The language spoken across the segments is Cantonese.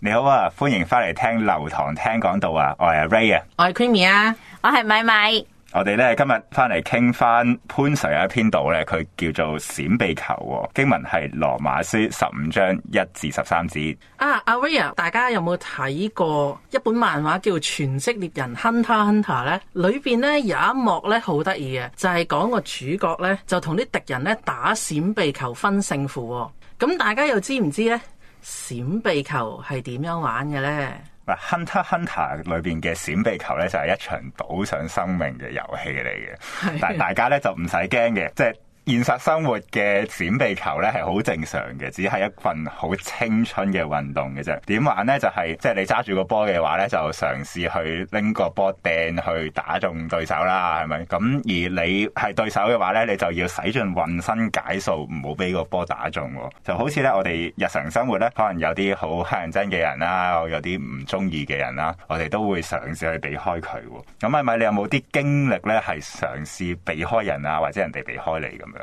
你好啊，歡迎翻嚟聽流堂聽講道啊！我係 Ray 啊，我係 Creamy 啊，我係米米。我哋咧今日翻嚟傾翻潘 Sir 有一篇道咧，佢叫做閃避球，經文係羅馬書十五章一至十三節。啊，阿、ah, Ray 啊，大家有冇睇過一本漫畫叫《全職獵人 Hunter Hunter》咧？裏邊咧有一幕咧好得意嘅，就係講個主角咧就同啲敵人咧打閃避球分勝負，哦。咁大家又知唔知咧？閃避球係點樣玩嘅咧？嗱，《Hunter Hunter》裏邊嘅閃避球咧就係一場賭上生命嘅遊戲嚟嘅，的但係大家咧就唔使驚嘅，即係。現實生活嘅閃避球咧係好正常嘅，只係一份好青春嘅運動嘅啫。點玩咧就係，即係你揸住個波嘅話咧，就嘗試去拎個波掟去打中對手啦，係咪？咁而你係對手嘅話咧，你就要使盡渾身解數唔好俾個波打中。就好似咧我哋日常生活咧，可能有啲好乞人憎嘅人啦，有啲唔中意嘅人啦，我哋都會嘗試去避開佢。咁係咪？你有冇啲經歷咧係嘗試避開人啊，或者人哋避開你咁樣？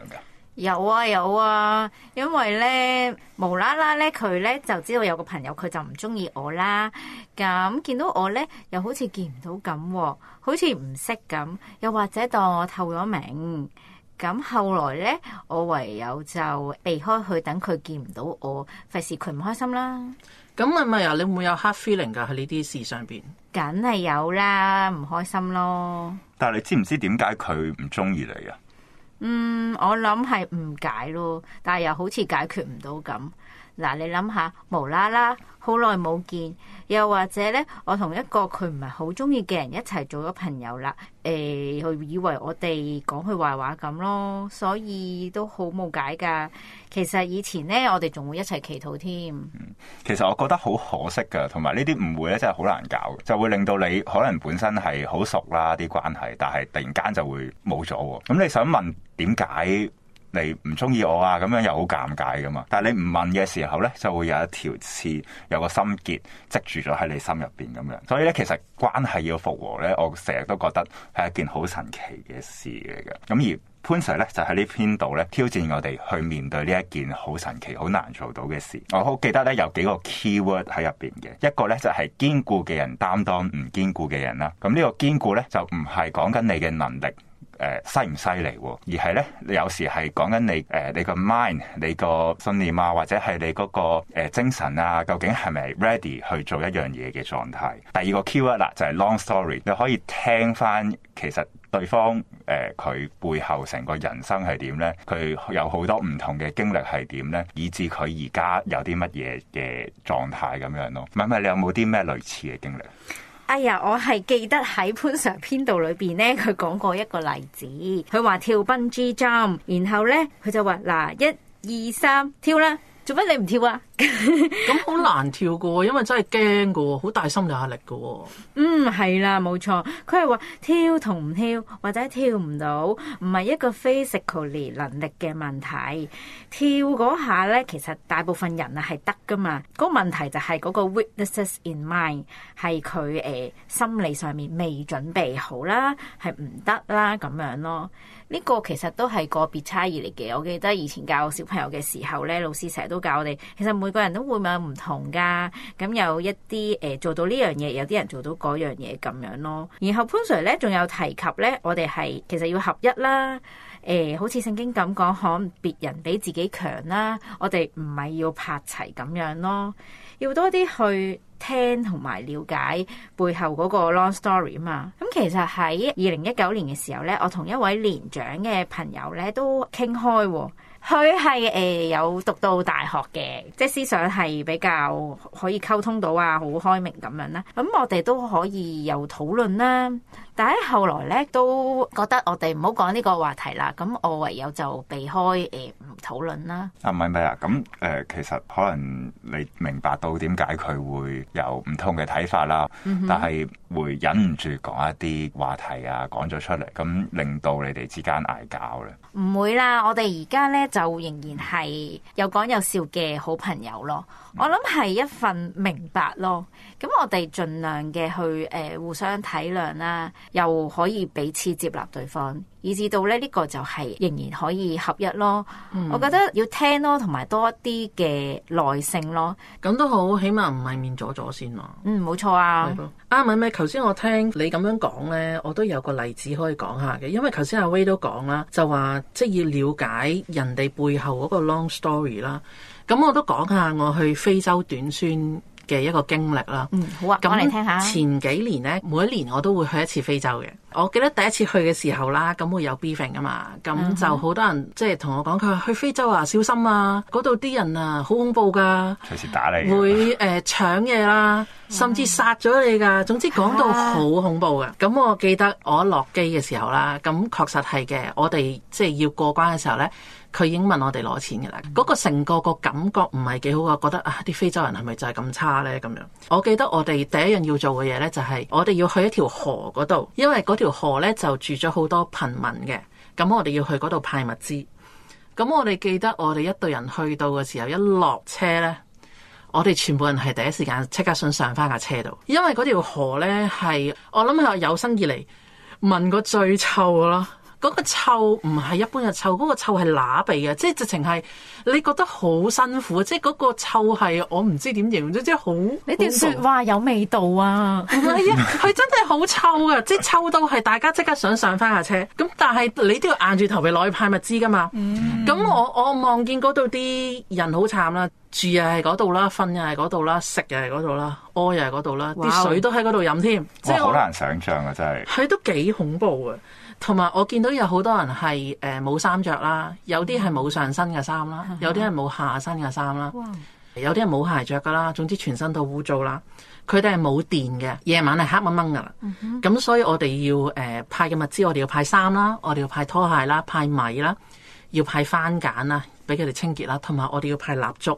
有啊有啊，因為咧無啦啦咧，佢咧就知道有個朋友佢就唔中意我啦。咁見到我咧，又好似見唔到咁，哦，好似唔識咁，又或者當我透咗明。咁後來咧，我唯有就避開佢，等佢見唔到我，費事佢唔開心啦。咁係咪啊？你會唔會有黑 feeling 噶喺呢啲事上邊？梗係有啦，唔開心咯。但係你知唔知點解佢唔中意你啊？嗯，我諗係誤解咯，但係又好似解決唔到咁。嗱、啊，你諗下，無啦啦好耐冇見，又或者呢，我同一個佢唔係好中意嘅人一齊做咗朋友啦，誒、欸，佢以為我哋講佢壞話咁咯，所以都好冇解噶。其實以前呢，我哋仲會一齊祈禱添、嗯。其實我覺得好可惜噶，同埋呢啲誤會咧真係好難搞，就會令到你可能本身係好熟啦啲關係，但係突然間就會冇咗。咁你想問點解？你唔中意我啊，咁樣又好尷尬噶嘛。但係你唔問嘅時候呢，就會有一條刺，有個心結積住咗喺你心入邊咁樣。所以呢，其實關係要復和呢，我成日都覺得係一件好神奇嘅事嚟嘅。咁而潘 Sir 呢，就喺呢篇度呢，挑戰我哋去面對呢一件好神奇、好難做到嘅事。我好記得呢，有幾個 keyword 喺入邊嘅，一個呢，就係堅固嘅人擔當唔堅固嘅人啦。咁呢個堅固呢，就唔係講緊你嘅能力。誒，犀唔犀利？而係咧，你有時係講緊你誒，你個 mind，你個信念啊，或者係你嗰個誒精神啊，究竟係咪 ready 去做一樣嘢嘅狀態？第二個 keyword 啦，就係 long story，你可以聽翻其實對方誒佢、呃、背後成個人生係點咧，佢有好多唔同嘅經歷係點咧，以至佢而家有啲乜嘢嘅狀態咁樣咯。唔係係，你有冇啲咩類似嘅經歷？哎呀，我係記得喺潘 Sir 編導裏面呢，佢講過一個例子，佢話跳 Bungee Jump，然後呢，佢就話嗱，一二三跳啦，做乜你唔跳啊？咁好 難跳噶，因為真係驚噶，好大心理壓力噶。嗯，係啦，冇錯。佢係話跳同唔跳，或者跳唔到，唔係一個 physically 能力嘅問題。跳嗰下呢，其實大部分人啊係得噶嘛。個問題就係嗰個 weaknesses in mind 係佢誒心理上面未準備好啦，係唔得啦咁樣咯。呢個其實都係個別差異嚟嘅。我記得以前教小朋友嘅時候呢，老師成日都教我哋，其實.每個人都會有唔同噶，咁有一啲誒、呃、做到呢樣嘢，有啲人做到嗰樣嘢咁樣咯。然後潘 Sir 咧仲有提及咧，我哋係其實要合一啦。誒、呃，好似聖經咁講，可能別人比自己強啦，我哋唔係要拍齊咁樣咯，要多啲去聽同埋了解背後嗰個 long story 嘛。咁、嗯、其實喺二零一九年嘅時候咧，我同一位年長嘅朋友咧都傾開喎、啊。佢係誒有讀到大學嘅，即係思想係比較可以溝通到啊，好開明咁樣啦。咁我哋都可以有討論啦。但係後來咧，都覺得我哋唔好講呢個話題啦。咁我唯有就避開誒唔討論啦。啊唔係唔係啊，咁誒、啊呃、其實可能你明白到點解佢會有唔同嘅睇法啦，嗯、哼但係會忍唔住講一啲話題啊，講咗出嚟，咁令到你哋之間嗌交啦。唔會啦，我哋而家咧。就仍然係有講有笑嘅好朋友咯，我諗，係一份明白咯。咁我哋盡量嘅去，誒、呃、互相體諒啦，又可以彼此接納對方，以至到咧呢、呢個就係仍然可以合一咯。嗯、我覺得要聽咯，同埋多一啲嘅耐性咯。咁都好，起碼唔係面阻阻先嘛。嗯，冇錯啊。啱唔啱，咧、啊？頭先我聽你咁樣講咧，我都有個例子可以講下嘅。因為頭先阿威都講啦，就話即、就係、要了解人哋背後嗰個 long story 啦。咁我都講下我去非洲短宣。嘅一個經歷啦，嗯，好啊，咁嚟樣聽，聽下。前幾年咧，每一年我都會去一次非洲嘅。我記得第一次去嘅時候啦，咁會有 briefing 噶嘛，咁就好多人即係同我講，佢話去非洲啊，小心啊，嗰度啲人啊好恐怖噶，隨時打你，會誒、 呃、搶嘢啦，甚至殺咗你噶。總之講到好恐怖嘅。咁我記得我落機嘅時候啦，咁確實係嘅，我哋即係要過關嘅時候咧。佢已經問我哋攞錢嘅啦，嗰、嗰個成個個感覺唔係幾好啊！覺得啊，啲非洲人係咪就係咁差呢？咁樣，我記得我哋第一樣要做嘅嘢呢，就係、係、我哋要去一條河嗰度，因為嗰條河呢就住咗好多貧民嘅。咁我哋要去嗰度派物資。咁我哋記得我哋一隊人去到嘅時候，一落車呢，我哋全部人係第一時間即刻想上翻架車度，因為嗰條河呢係我諗係有生以嚟聞過最臭嘅。嗰個臭唔係一般嘅臭，嗰、嗰個臭係乸鼻啊！即係直情係你覺得好辛苦啊！即係嗰個臭係我唔知點形容，即係好你啲説話有味道啊！唔係啊，佢真係好臭噶！即係臭到係大家即刻想上翻下車。咁但係你都要硬住頭皮攞去派物資噶嘛？咁、嗯、我我望見嗰度啲人好慘啦，住又係嗰度啦，瞓又係嗰度啦，食又係嗰度啦，屙又係嗰度啦，啲水都喺嗰度飲添。哇即係我好難想象啊！真係佢都幾恐怖啊！同埋我見到有好多人係誒冇衫着啦，有啲係冇上身嘅衫啦，有啲係冇下身嘅衫啦，有啲係冇鞋着噶啦，總之全身都污糟啦。佢哋係冇電嘅，夜晚係黑掹掹噶啦。咁、嗯、哼所以我哋要誒派嘅物資，我哋要派衫啦，我哋要派拖鞋啦，派米啦，要派番梘啦，俾佢哋清潔啦。同埋我哋要派蠟燭。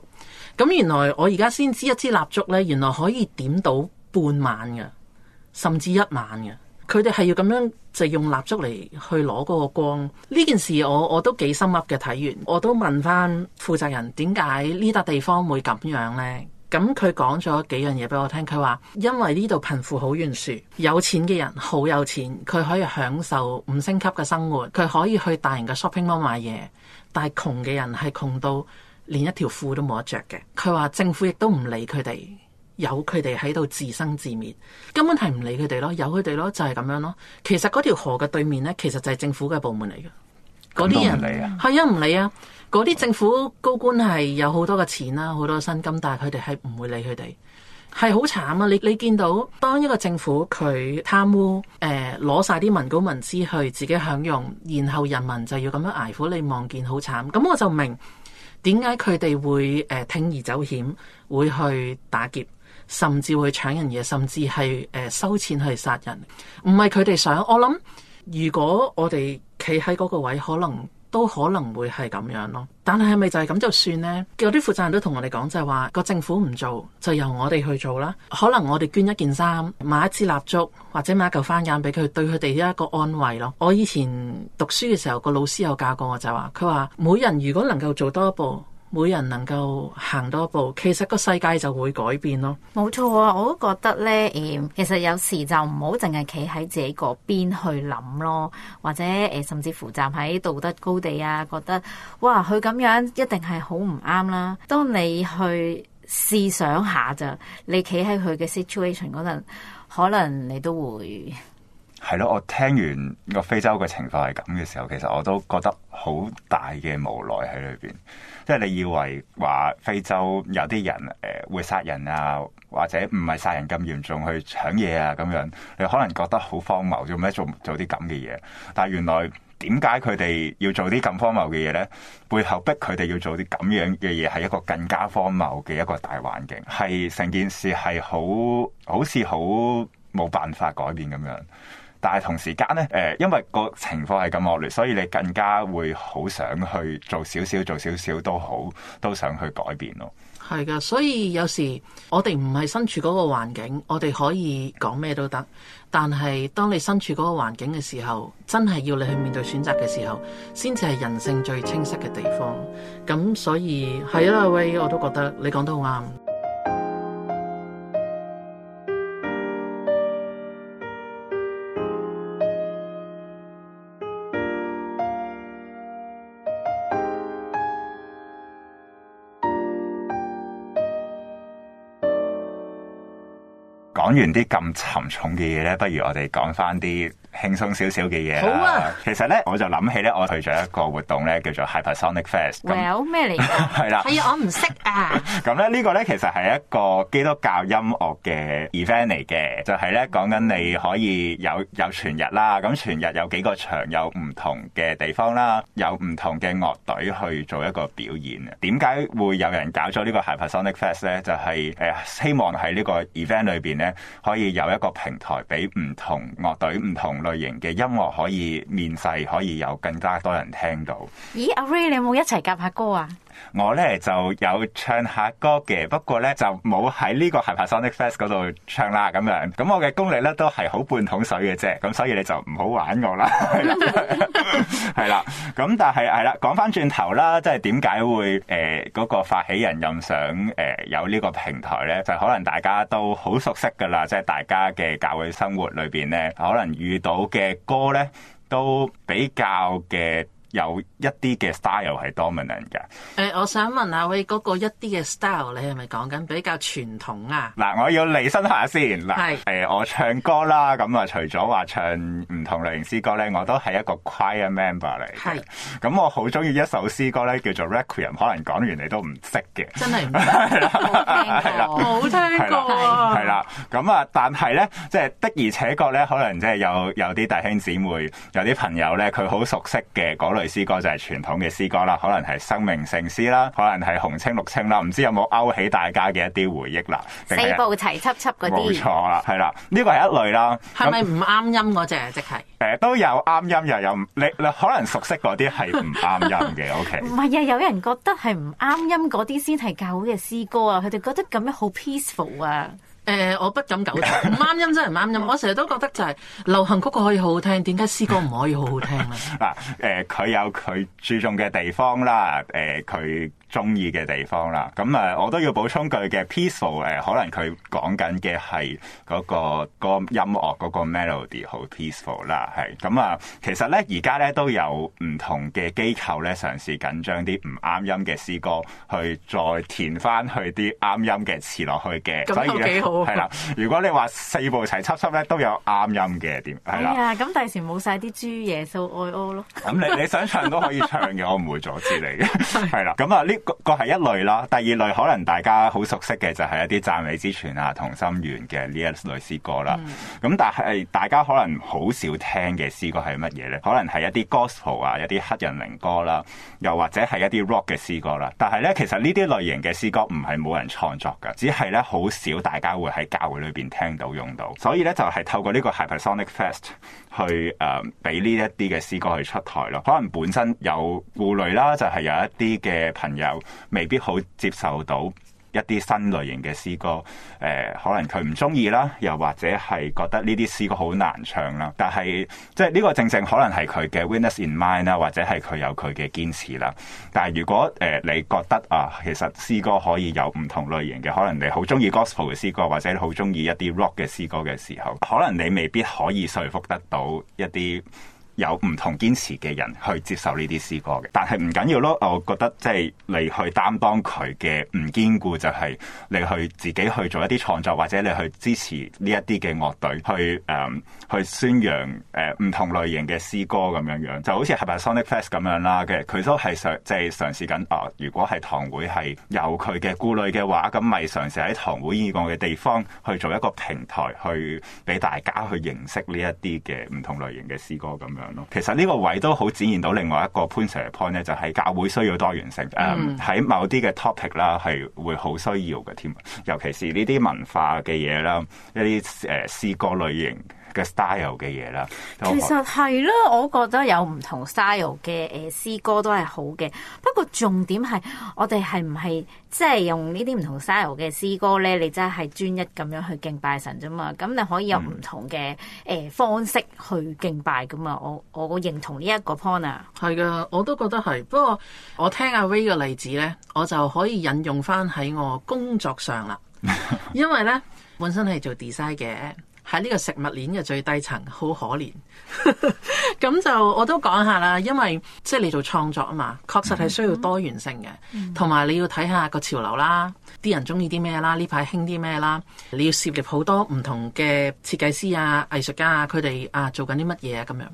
咁原來我而家先知一支蠟燭呢，原來可以點到半晚嘅，甚至一晚嘅。佢哋係要咁樣就用蠟燭嚟去攞嗰個光。呢件事我我都幾心噏嘅。睇完我都問翻負責人點解呢笪地方會咁樣呢？咁佢講咗幾樣嘢俾我聽。佢話因為呢度貧富好懸殊，有錢嘅人好有錢，佢可以享受五星級嘅生活，佢可以去大型嘅 shopping mall 買嘢。但係窮嘅人係窮到連一條褲都冇得着嘅。佢話政府亦都唔理佢哋。有佢哋喺度自生自滅，根本係唔理佢哋咯，有佢哋咯就係、是、咁樣咯。其實嗰條河嘅對面呢，其實就係政府嘅部門嚟嘅。嗰啲人唔理啊，係啊唔理啊。嗰啲政府高官係有好多嘅錢啦、啊，好多薪金，但係佢哋係唔會理佢哋，係好慘啊！你你見到當一個政府佢貪污，誒攞晒啲民膏民脂去自己享用，然後人民就要咁樣捱苦，你望見好慘。咁我就明點解佢哋會誒鋌、呃、而走險，會去打劫。甚至會搶人嘢，甚至係誒、呃、收錢去殺人，唔係佢哋想。我諗如果我哋企喺嗰個位，可能都可能會係咁樣咯。但係係咪就係咁就算呢？有啲負責人都同我哋講就係話個政府唔做，就由我哋去做啦。可能我哋捐一件衫，買一支蠟燭，或者買一嚿番間俾佢，對佢哋一個安慰咯。我以前讀書嘅時候，個老師有教過我就，就話佢話每人如果能夠做多一步。每人能夠行多一步，其實個世界就會改變咯。冇錯啊，我都覺得呢，誒，其實有時就唔好淨係企喺自己嗰邊去諗咯，或者誒，甚至乎站喺道德高地啊，覺得哇，佢咁樣一定係好唔啱啦。當你去試想下咋，你企喺佢嘅 situation 陣，可能你都會。係咯，我聽完個非洲嘅情況係咁嘅時候，其實我都覺得好大嘅無奈喺裏邊。即係你以為話非洲有啲人誒、呃、會殺人啊，或者唔係殺人咁嚴重去搶嘢啊樣，咁樣你可能覺得好荒謬，做咩做做啲咁嘅嘢？但係原來點解佢哋要做啲咁荒謬嘅嘢咧？背後逼佢哋要做啲咁樣嘅嘢，係一個更加荒謬嘅一個大環境，係成件事係好好似好冇辦法改變咁樣。但係同時間呢，誒，因為個情況係咁惡劣，所以你更加會好想去做少少，做少少都好，都想去改變咯。係嘅，所以有時我哋唔係身處嗰個環境，我哋可以講咩都得。但係當你身處嗰個環境嘅時候，真係要你去面對選擇嘅時候，先至係人性最清晰嘅地方。咁所以係啊，喂，我都覺得你講得好啱。講完啲咁沉重嘅嘢呢，不如我哋講翻啲輕鬆少少嘅嘢，好啊，其實咧我就諗起咧，我去咗一個活動咧，叫做 Hypersonic Fest。Well, 有咩嚟？係啦 了，係啊，我唔識啊。咁、這、咧、個、呢個咧其實係一個基督教音樂嘅 event 嚟嘅，就係、是、咧講緊你可以有有全日啦，咁全日有幾個場，有唔同嘅地方啦，有唔同嘅樂隊去做一個表演啊。點解會有人搞咗呢個 Hypersonic Fest 咧？就係、是、誒、呃、希望喺呢個 event 裏邊咧，可以有一個平台俾唔同樂隊、唔同。類型嘅音樂可以面世，可以有更加多人聽到。咦，阿 Ray，你有冇一齊夾下歌啊？我咧就有唱下歌嘅，不過咧就冇喺呢個 Hyper Sonic Fest 度唱啦。咁樣，咁我嘅功力咧都係好半桶水嘅啫。咁所以你就唔好玩我啦。係啦，咁但係係啦，講翻轉頭啦，即係點解會誒、呃嗰個發起人任上誒、呃、有呢個平台咧？就是、可能大家都好熟悉噶啦，即、就、係、是、大家嘅教會生活裏邊咧，可能遇到。我嘅歌咧，都比較嘅。有一啲嘅 style 係 dominant 嘅。誒、欸，我想問下喂嗰、嗰個一啲嘅 style，你係咪講緊比較傳統啊？嗱，我要釐清下先。係。誒是，我唱歌啦，咁啊，除咗話唱唔同類型詩歌咧，我都係一個 choir member 嚟。係是，咁我好中意一首詩歌咧，叫做 Requiem，可能講完你都唔識嘅。真係唔識。係啦，冇聽過啊。係啦。咁啊，但係咧，即係的而且確咧，可能即係有有啲弟兄姊妹、有啲朋友咧，佢好熟悉嘅嗰類。詩歌就係傳統嘅詩歌啦，可能係生命聖詩啦，可能係紅青綠青啦，唔知有冇勾起大家嘅一啲回憶啦。四部齊七七嗰啲，冇錯啦，係啦，呢、這個係一類啦。係咪唔啱音嗰隻，即係那？誒、呃，都有啱音又有，你你可能熟悉嗰啲係唔啱音嘅。O K，唔係啊，有人覺得係唔啱音嗰啲先係較好嘅詩歌啊，佢哋覺得咁樣好 peaceful 啊。誒、呃，我不敢苟同，唔啱音真係唔啱音。 我成日都覺得就係流行曲可以好好聽，點解詩歌唔可以好好聽咧？嗱 、呃，誒，佢有佢注重嘅地方啦，誒、呃，佢，中意嘅地方啦，咁啊，我都要補充句嘅 peaceful 誒，可能佢講緊嘅係嗰個音樂嗰個 melody 好 peaceful 啦，係咁啊，其實咧而家咧都有唔同嘅機構咧嘗試緊將啲唔啱音嘅詩歌去再填翻去啲啱音嘅詞落去嘅，啊、所以幾好，係啦。如果你話四部齊輯輯咧都有啱音嘅，點係啦，咁第時冇晒啲豬耶穌愛我咯。咁你你想唱都可以唱嘅， 我唔會阻止你嘅，係啦 的。咁啊呢～ 個個係一類啦，第二類可能大家好熟悉嘅就係一啲讚美之泉啊、同心圓嘅呢一類詩歌啦。咁、嗯、但係大家可能好少聽嘅詩歌係乜嘢咧？可能係一啲 gospel 啊，一啲黑人靈歌啦，又或者係一啲 rock 嘅詩歌啦。但係咧，其實呢啲類型嘅詩歌唔係冇人創作噶，只係咧好少大家會喺教會裏邊聽到用到。所以咧，就係、是、透過呢個 hypersonic fest 去誒俾呢一啲嘅詩歌去出台咯。可能本身有顧慮啦，就係、是、有一啲嘅朋友。未必好接受到一啲新類型嘅詩歌，誒、呃，可能佢唔中意啦，又或者係覺得呢啲詩歌好難唱啦。但係即係呢個正正可能係佢嘅 witness in mind 啦，或者係佢有佢嘅堅持啦。但係如果誒你覺得啊，其實詩歌可以有唔同類型嘅，可能你好中意 gospel 嘅詩歌，或者你好中意一啲 rock 嘅詩歌嘅時候，可能你未必可以說服得到一啲。有唔同堅持嘅人去接受呢啲詩歌嘅，但係唔緊要咯。我覺得即係你去擔當佢嘅唔堅固，就係你去自己去做一啲創作，或者你去支持呢一啲嘅樂隊去誒、um, 去宣揚誒、uh, 唔同類型嘅詩歌咁樣樣，就好似係咪 Sonic Fest 咁樣啦嘅，佢都係嘗即係、即係、嘗試緊。哦，如果係堂會係有佢嘅顧慮嘅話，咁咪嘗試喺堂會以外嘅地方去做一個平台去，去俾大家去認識呢一啲嘅唔同類型嘅詩歌咁樣。其實呢個位都好展現到另外一個 point，呢就係教會需要多元性，誒喺、mm. 某啲嘅 topic 啦，係會好需要嘅添，尤其是呢啲文化嘅嘢啦，一啲誒詩歌類型。嘅 style 嘅嘢啦，其實係咯，我覺得有唔同 style 嘅誒詩歌都係好嘅。不過重點係我哋係唔係即係用呢啲唔同 style 嘅詩歌咧？你真係專一咁樣去敬拜神啫嘛？咁你可以有唔同嘅誒方式去敬拜噶嘛？我我認同呢一個 point 啊，係噶，我都覺得係。不過我聽阿 Ray 嘅例子咧，我就可以引用翻喺我工作上啦，因為咧本身係做 design 嘅。喺呢個食物鏈嘅最低層，好可憐。咁 就我都講下啦，因為即係你做創作啊嘛，確實係需要多元性嘅，同埋、嗯嗯、你要睇下個潮流啦，啲人中意啲咩啦，呢排興啲咩啦，你要涉獵好多唔同嘅設計師啊、藝術家啊，佢哋啊做緊啲乜嘢啊咁樣。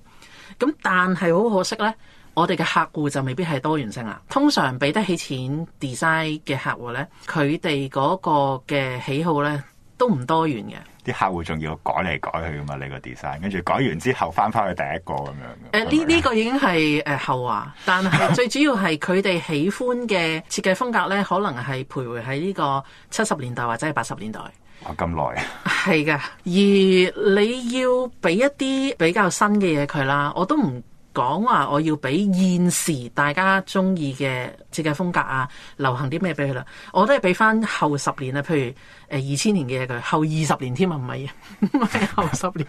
咁但係好可惜呢，我哋嘅客戶就未必係多元性啦。通常俾得起錢 design 嘅客戶呢，佢哋嗰個嘅喜好呢，都唔多元嘅。啲客戶仲要改嚟改去噶嘛，你個 design，跟住改完之後翻返去第一個咁樣嘅。呃、是是呢呢個已經係誒、呃、後話，但係最主要係佢哋喜歡嘅設計風格咧， 可能係徘徊喺呢個七十年代或者係八十年代。哇、哦，咁耐啊！係㗎，而你要俾一啲比較新嘅嘢佢啦，我都唔。講話我要俾現時大家中意嘅設計風格啊，流行啲咩俾佢啦？我都係俾翻後十年啦，譬如誒二千年嘅佢後二十年添啊，唔係啊，唔係後十年。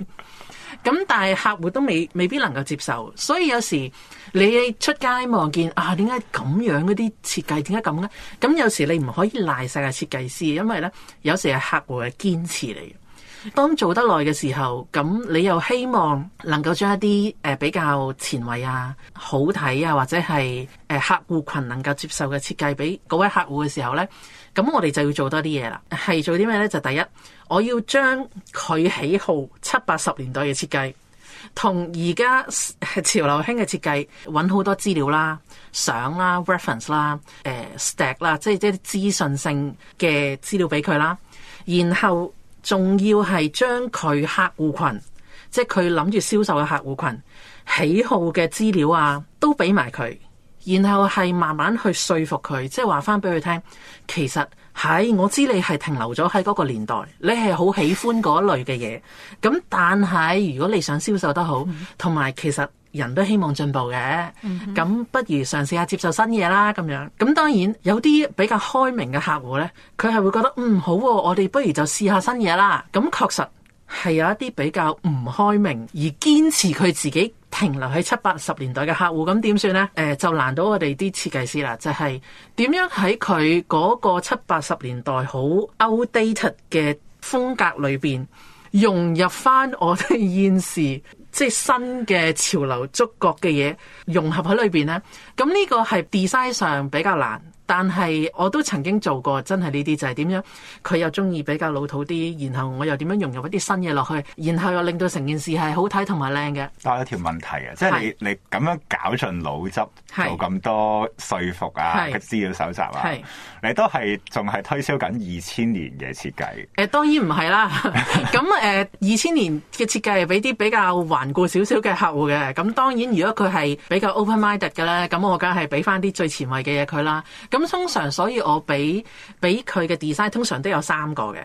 咁但係客戶都未未必能夠接受，所以有時你出街望見啊，點解咁樣嗰啲設計點解咁咧？咁有時你唔可以賴晒個設計師，因為咧有時係客戶係堅持嚟。當做得耐嘅時候，咁你又希望能夠將一啲誒比較前衛啊、好睇啊，或者係誒客戶群能夠接受嘅設計俾嗰位客戶嘅時候呢，咁我哋就要做多啲嘢啦。係做啲咩呢？就第一，我要將佢喜好七八十年代嘅設計，同而家潮流興嘅設計，揾好多資料啦、相啦、reference 啦、誒、呃、stack 啦，即係即係資訊性嘅資料俾佢啦，然後。仲要係將佢客戶群，即係佢諗住銷售嘅客戶群，喜好嘅資料啊，都俾埋佢，然後係慢慢去說服佢，即係話翻俾佢聽，其實喺我知你係停留咗喺嗰個年代，你係好喜歡嗰類嘅嘢，咁但係如果你想銷售得好，同埋其實。人都希望進步嘅，咁、mm hmm. 不如嘗試下接受新嘢啦咁樣。咁當然有啲比較開明嘅客戶呢，佢係會覺得嗯好、啊，我哋不如就試下新嘢啦。咁確實係有一啲比較唔開明而堅持佢自己停留喺七八十年代嘅客戶，咁點算呢？誒、呃，就難到我哋啲設計師啦，就係、是、點樣喺佢嗰個七八十年代好 outdated 嘅風格裏邊，融入返我哋現時。即係新嘅潮流觸覺嘅嘢融合喺裏邊咧，咁呢個係 design 上比較難。但係我都曾經做過，真係呢啲就係點樣？佢又中意比較老土啲，然後我又點樣融入一啲新嘢落去，然後又令到成件事係好睇同埋靚嘅。多一條問題啊！即係你是你咁樣搞盡腦汁，是做咁多說服啊、資料蒐集啊，是你都係仲係推銷緊二千年嘅設計。誒、啊、當然唔係啦。咁誒二千年嘅設計係俾啲比較頑固少少嘅客戶嘅。咁當然如果佢係比較 open minded 嘅咧，咁我梗係俾翻啲最前衞嘅嘢佢啦。咁通常，所以我俾俾佢嘅 design 通常都有三個嘅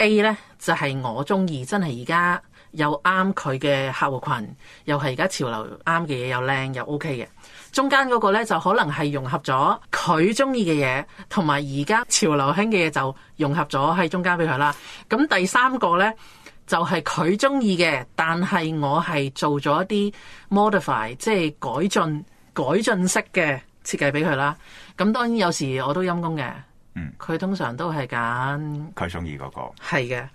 A 呢就係我中意，真係而家又啱佢嘅客戶群，又係而家潮流啱嘅嘢，又靚又 OK 嘅。中間嗰個呢就可能係融合咗佢中意嘅嘢，同埋而家潮流興嘅嘢，就融合咗喺中間俾佢啦。咁第三個呢，就係佢中意嘅，但係我係做咗一啲 modify，即係改進改進式嘅。設計俾佢啦，咁當然有時我都陰功嘅。嗯，佢通常都係揀佢中意嗰個。係嘅，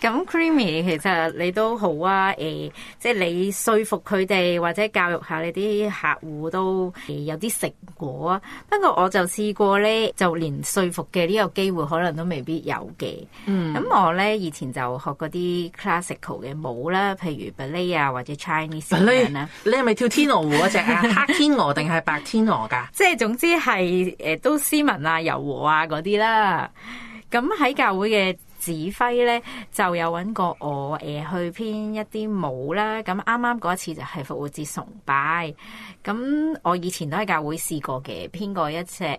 咁 Creamy 其實你都好啊，誒、欸，即係你說服佢哋或者教育下你啲客戶都誒、欸、有啲成果啊。不過我就試過咧，就連說服嘅呢個機會可能都未必有嘅。嗯，咁我咧以前就學嗰啲 classical 嘅舞啦，譬如芭蕾啊或者 Chinese 咁樣啦。你係咪跳天鵝湖嗰隻啊？ 黑天鵝定係白天鵝噶？即係總之係。誒，都斯文啊，柔和啊嗰啲啦。咁喺教會嘅指揮咧，就有揾過我誒、呃、去編一啲舞啦。咁啱啱嗰一次就係復活節崇拜。咁我以前都喺教會試過嘅，編過一隻誒誒、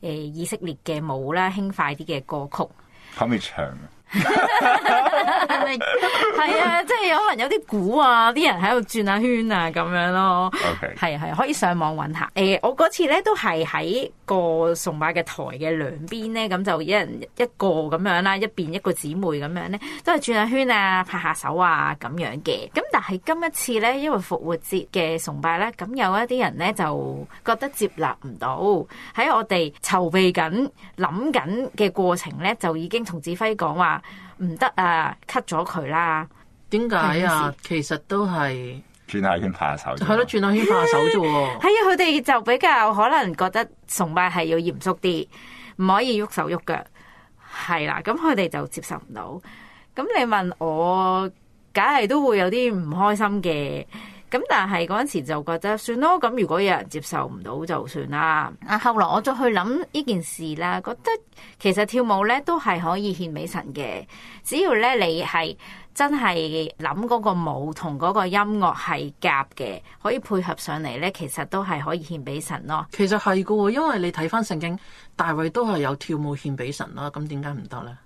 呃呃、以色列嘅舞啦，輕快啲嘅歌曲。好咪長啊！係咪？係 啊，即係可能有啲鼓啊，啲人喺度轉下圈啊，咁樣咯。OK，係啊係，可以上網搵下。誒、欸，我嗰次咧都係喺個崇拜嘅台嘅兩邊咧，咁就一人一個咁樣啦，一邊一個姊妹咁樣咧，都係轉下圈啊，拍下手啊，咁樣嘅。咁但係今一次咧，因為復活節嘅崇拜咧，咁有一啲人咧就覺得接納唔到。喺我哋籌備緊、諗緊嘅過程咧，就已經同指揮講話。唔得啊！cut 咗佢啦？點解啊？其實都係轉下圈拍下手，係咯，轉下圈拍下手啫喎。係 啊，佢哋就比較可能覺得崇拜係要嚴肅啲，唔可以喐手喐腳，係啦、啊。咁佢哋就接受唔到。咁你問我，梗係都會有啲唔開心嘅。咁但係嗰陣時就覺得算咯，咁如果有人接受唔到就算啦。啊，後來我再去諗呢件事啦，覺得其實跳舞咧都係可以獻俾神嘅，只要咧你係真係諗嗰個舞同嗰個音樂係夾嘅，可以配合上嚟咧，其實都係可以獻俾神咯。其實係噶，因為你睇翻聖經，大衛都係有跳舞獻俾神啦，咁點解唔得咧？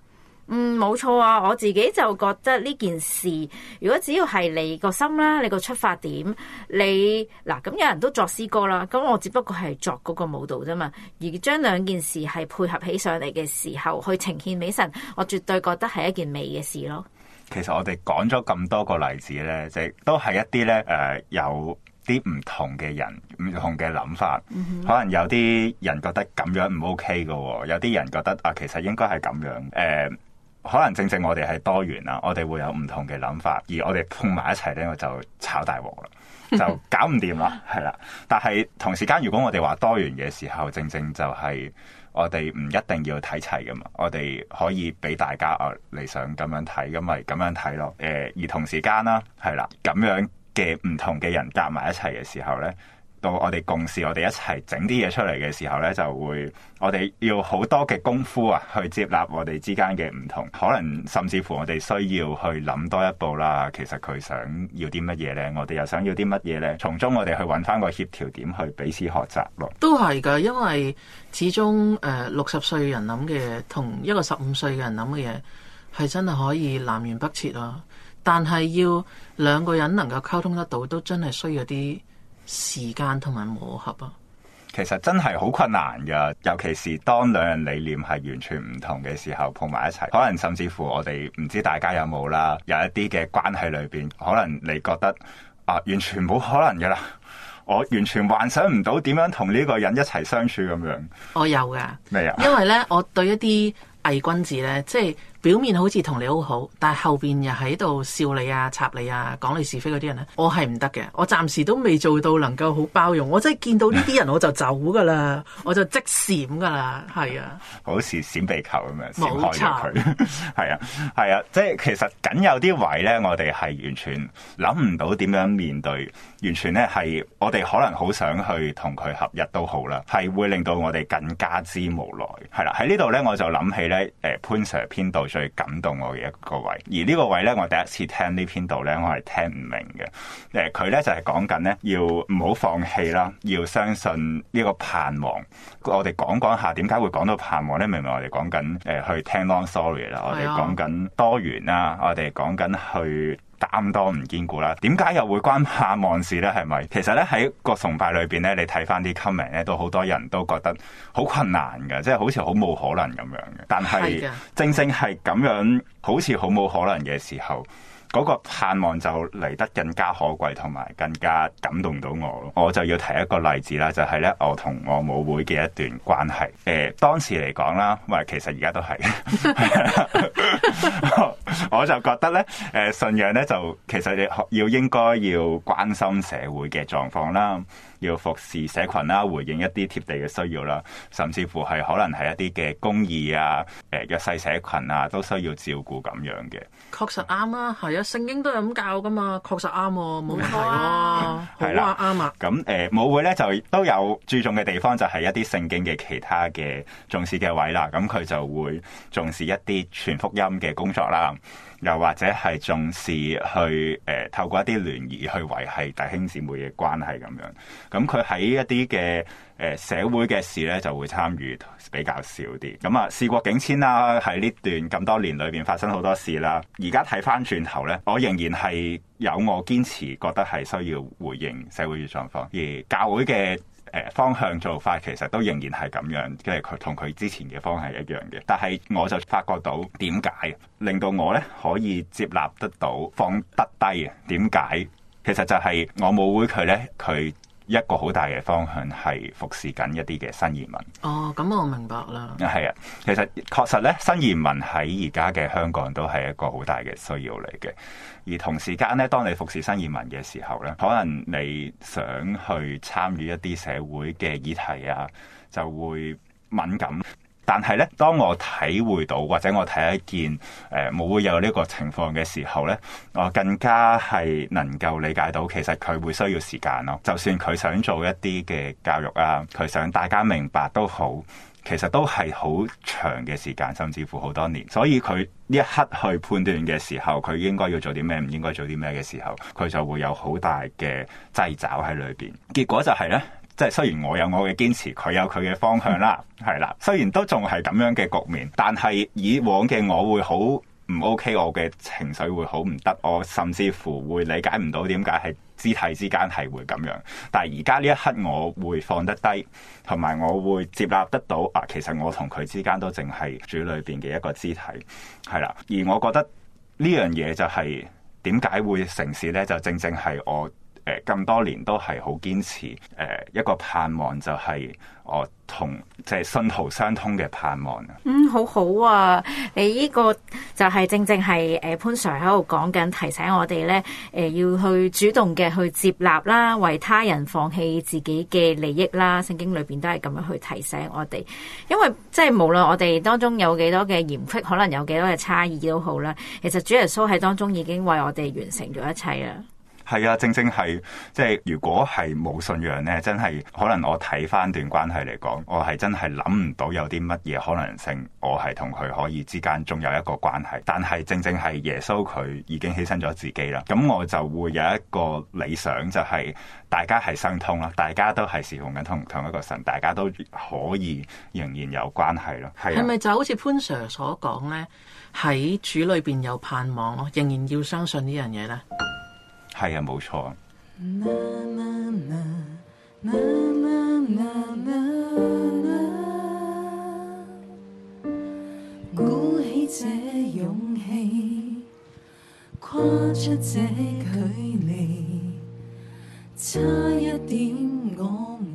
嗯，冇錯啊！我自己就覺得呢件事，如果只要係你個心啦，你個出發點，你嗱咁，有人都作詩歌啦，咁我只不過係作嗰個舞蹈啫嘛。而將兩件事係配合起上嚟嘅時候，去呈現美神，我絕對覺得係一件美嘅事咯。其實我哋講咗咁多個例子咧，就係、都係一啲咧，誒、呃，有啲唔同嘅人唔同嘅諗法，mm hmm. 可能有啲人覺得咁樣唔 OK 噶、哦，有啲人覺得啊，其實應該係咁樣，誒、呃。可能正正我哋係多元啦，我哋會有唔同嘅諗法，而我哋碰埋一齊咧，我就炒大鑊啦，就搞唔掂啦，係啦。但係同時間，如果我哋話多元嘅時候，正正就係我哋唔一定要睇齊噶嘛，我哋可以俾大家我、啊、你想咁樣睇，咁咪咁樣睇咯。誒，而同時間啦，係啦，咁樣嘅唔同嘅人夾埋一齊嘅時候咧，到我哋共事，我哋一齊整啲嘢出嚟嘅時候咧，就會我哋要好多嘅功夫啊，去接納我哋之間嘅唔同，可能甚至乎我哋需要去諗多一步啦。其實佢想要啲乜嘢咧，我哋又想要啲乜嘢咧，從中我哋去揾翻個協調點去彼此學習咯。都係噶，因為始終誒六十歲人諗嘅同一個十五歲嘅人諗嘅嘢，係真係可以南轅北轍咯啊。但係要兩個人能夠溝通得到，都真係需要啲。時間同埋磨合啊，其實真係好困難噶，尤其是當兩樣理念係完全唔同嘅時候，碰埋一齊，可能甚至乎我哋唔知大家有冇啦，有一啲嘅關係裏邊，可能你覺得啊，完全冇可能噶啦，我完全幻想唔到點樣同呢個人一齊相處咁樣。我有噶，咩啊？因為咧，我對一啲偽君子咧，即係。表面好似同你好好，但係後邊又喺度笑你啊、插你啊、講你是非嗰啲人咧，我係唔得嘅。我暫時都未做到能夠好包容，我真係見到呢啲人我就走噶啦， 我就即時閃噶啦，係啊，好似閃避球咁樣閃開佢。係錯 啊，係啊，即係其實僅有啲位咧，我哋係完全諗唔到點樣面對，完全咧係我哋可能好想去同佢合一都好啦，係會令到我哋更加之無奈。係啦、啊，喺呢度咧，我就諗起咧，誒潘 Sir 編導。最感動我嘅一個位，而呢個位咧，我第一次聽呢篇道咧，我係聽唔明嘅。誒，佢咧就係講緊咧，要唔好放棄啦，要相信呢個盼望。我哋講講下點解會講到盼望咧？明明我哋講緊誒去聽 long story 啦，我哋講緊多元啊，我哋講緊去，擔當唔堅固啦，點解又會關盼望事咧？係咪？其實咧喺個崇拜裏邊咧，你睇翻啲 comment 咧，都好多人都覺得好困難嘅，即係好似好冇可能咁樣嘅。但係正正係咁樣，好似好冇可能嘅時候。嗰個盼望就嚟得更加可貴，同埋更加感動到我。我就要提一個例子啦，就係、是、咧我同我母會嘅一段關係。誒、呃、當時嚟講啦，唔係其實而家都係， 我就覺得咧，誒、呃、信仰咧就其實你學要應該要關心社會嘅狀況啦。要服侍社群啦、啊，回應一啲貼地嘅需要啦，甚至乎係可能係一啲嘅公義啊，誒弱勢社群啊，都需要照顧咁樣嘅。確實啱啊，係啊，聖經都係咁教噶嘛，確實啱，冇錯啊，好啊，啱 啊。咁誒、啊，母、嗯呃、會咧就都有注重嘅地方，就係一啲聖經嘅其他嘅重視嘅位啦。咁佢就會重視一啲全福音嘅工作啦。又或者係重視去誒、呃，透過一啲聯誼去維繫弟兄姊妹嘅關係咁樣。咁佢喺一啲嘅誒社會嘅事咧，就會參與比較少啲。咁、嗯、啊，事過境遷啦，喺呢段咁多年裏邊發生好多事啦。而家睇翻轉頭咧，我仍然係有我堅持覺得係需要回應社會嘅狀況，而教會嘅。誒，方向做法其實都仍然係咁樣，即係佢同佢之前嘅方向係一樣嘅。但係我就發覺到，點解令到我咧可以接納得到放得低嘅？點解其實就係我冇會佢咧，佢。一個好大嘅方向係服侍緊一啲嘅新移民。哦，咁我明白啦。係啊，其實確實咧，新移民喺而家嘅香港都係一個好大嘅需要嚟嘅。而同時間咧，當你服侍新移民嘅時候咧，可能你想去參與一啲社會嘅議題啊，就會敏感。但係咧，當我體會到或者我睇一件誒冇會有呢個情況嘅時候咧，我更加係能夠理解到其實佢會需要時間咯。就算佢想做一啲嘅教育啊，佢想大家明白都好，其實都係好長嘅時間，甚至乎好多年。所以佢一刻去判斷嘅時候，佢應該要做啲咩，唔應該做啲咩嘅時候，佢就會有好大嘅掣肘喺裏邊。結果就係咧。即係雖然我有我嘅堅持，佢有佢嘅方向啦，係啦、嗯。雖然都仲係咁樣嘅局面，但係以往嘅我會好唔 OK，我嘅情緒會好唔得，我甚至乎會理解唔到點解係肢體之間係會咁樣。但係而家呢一刻我會放得低，同埋我會接納得到啊。其實我同佢之間都淨係主裏邊嘅一個肢體，係啦。而我覺得呢樣嘢就係點解會成事呢？就正正係我。誒，咁，呃、多年都係好堅持，誒、呃、一個盼望就係我同即係、就是、信徒相通嘅盼望啊！嗯，好好啊，你呢個就係正正係誒潘 sir 喺度講緊，提醒我哋咧，誒、呃、要去主動嘅去接納啦，為他人放棄自己嘅利益啦，聖經裏邊都係咁樣去提醒我哋，因為即係、就是、無論我哋當中有幾多嘅嫌隙，可能有幾多嘅差異都好啦，其實主耶穌喺當中已經為我哋完成咗一切啦。係啊，正正係即係，如果係冇信仰呢，真係可能我睇翻段關係嚟講，我係真係諗唔到有啲乜嘢可能性，我係同佢可以之間仲有一個關係。但係正正係耶穌佢已經犧牲咗自己啦，咁我就會有一個理想，就是，就係大家係相通咯，大家都係侍奉緊同同一個神，大家都可以仍然有關係咯。係咪就好似潘 Sir 所講呢？喺主裏邊有盼望咯，仍然要相信呢樣嘢呢。係啊，冇錯，鼓起勇氣，跨出呢段距離，差一點我。